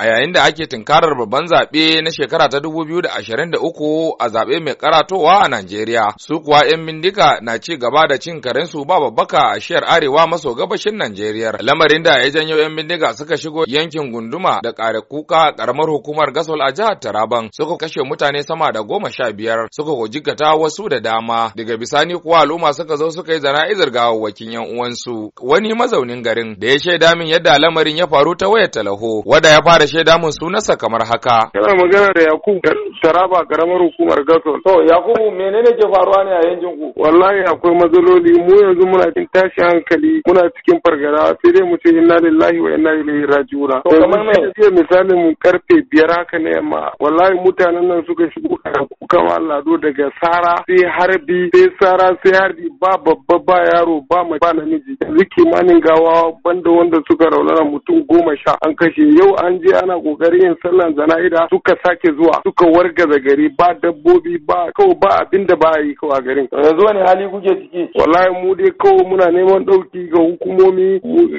a yayin da ake tunkarar babban zaɓe na shekara ta dubu biyu da da ashirin uku, a zaɓe mai karatowa a Najeriya. Su kuwa 'yan bindiga na ci gaba da cin karensu ba babbaka a shiyar arewa maso gabashin Najeriya. Lamarin da ya janyo 'yan bindiga suka shigo yankin gunduma da ƙare kuka ƙaramar hukumar Gasol a jihar Taraban suka kashe mutane sama da goma sha biyar suka jikata wasu da dama. Daga bisani kuwa al'umma suka zo suka yi zana'izar wakin 'yan uwansu. Wani mazaunin garin da ya shaida min yadda lamarin ya faru ta wayar talaho wanda ya fara shaida mun sunansa kamar haka. Yana magana da Yakubu Taraba karamar hukumar Gasol. To Yakubu menene ke faruwa ne a yankin ku? Wallahi akwai matsaloli mu yanzu muna cikin tashi hankali muna cikin fargaba sai dai mu ce inna lillahi wa inna ilaihi raji'un. To kamar mai ce misalin mu karfe biyar haka ne amma wallahi mutanen nan suka shigo kama lado daga sara sai harbi sai sara sai harbi ba babba ba yaro ba mai ba namiji. Yanzu kimanin gawa banda wanda suka raunana mutum goma sha an kashe yau an je ana kokarin yin sallan zana'ida suka sake zuwa suka wargaza gari ba dabbobi ba kawai ba abin da ba yi kawai a garin yanzu wani hali kuke ciki wallahi mu dai kawai muna neman ɗauki ga hukumomi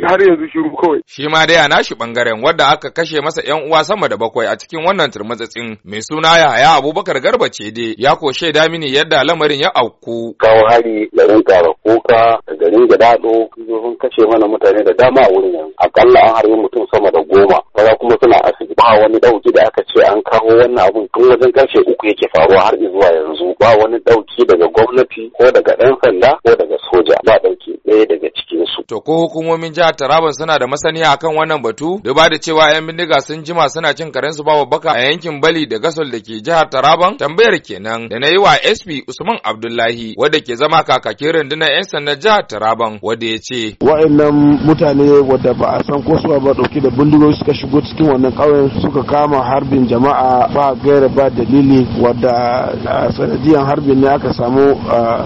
har yanzu shiru kawai shi ma dai a nashi bangaren wadda aka kashe masa yan uwa sama da bakwai a cikin wannan turmatsatsin mai suna Yahaya Abubakar Garba ce dai ya ko shaida mini yadda lamarin ya auku kawo hari garin kuka Koka garin Gadado sun kashe mana mutane da dama a wurin akalla an harbi mutum sama da goma yara kuma suna asibiti ba wani ɗauki da aka ce an kawo wannan abun tun wajen ƙarshe uku yake faruwa har zuwa yanzu ba wani ɗauki daga gwamnati ko daga ɗan sanda ko daga soja ba ɗauki ɗaya daga To ko hukumomin jihar Taraban suna da masaniya akan wannan batu? Duba da cewa ƴan bindiga sun jima suna cin karen su bawa baka a yankin Bali da Gasol da ke jihar Taraban? Tambayar kenan da na yi wa SP Usman Abdullahi wadda ke zama kakakin rundunar 'yan sandan jihar Taraban wadda ya ce. Wa'annan mutane wadda ba a san ko su ba dauki da bindigogi suka shigo cikin wannan ƙauyen suka kama harbin jama'a ba gaira ba dalili wadda sanadiyan harbin ne aka samu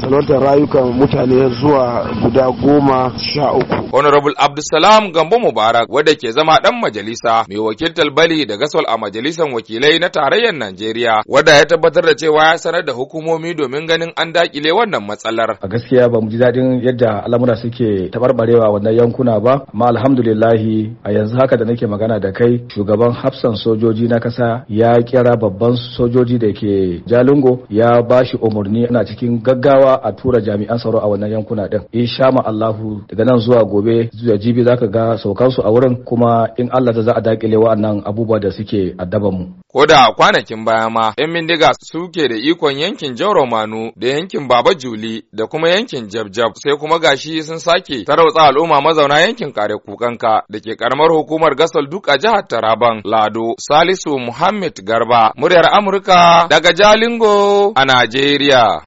salwantar rayukan mutane zuwa guda goma sha uku. Honorable Abdulsalam Gambo Mubarak wadda ke zama ɗan majalisa mai wakiltar Bali da Gasol a majalisar wakilai na tarayyar Najeriya wadda ya tabbatar da cewa ya sanar da hukumomi domin ganin an dakile wannan matsalar. A gaskiya ba mu ji daɗin yadda al'amura suke tabarbarewa wannan yankuna ba amma alhamdulillahi a yanzu haka da nake magana da kai shugaban hafsan sojoji na kasa ya kira babban sojoji da ke Jalingo ya bashi umarni ana cikin gaggawa a tura jami'an tsaro a wannan yankuna din. Insha Allahu daga nan zuwa gobe zuwa jibi ka ga saukansu a wurin kuma in Allah ta za a dakile wa'annan abubuwa da suke addaban mu. Ko da kwanakin baya ma 'yan bindiga suke da ikon yankin Jauro Manu da yankin Baba Juli da kuma yankin Jabjab sai kuma gashi sun sake tarautsa al'umma mazauna yankin Kare Kukanka da ke karamar hukumar gasar duk a jihar Taraban Lado Salisu Muhammad Garba muryar Amurka daga Jalingo a Najeriya.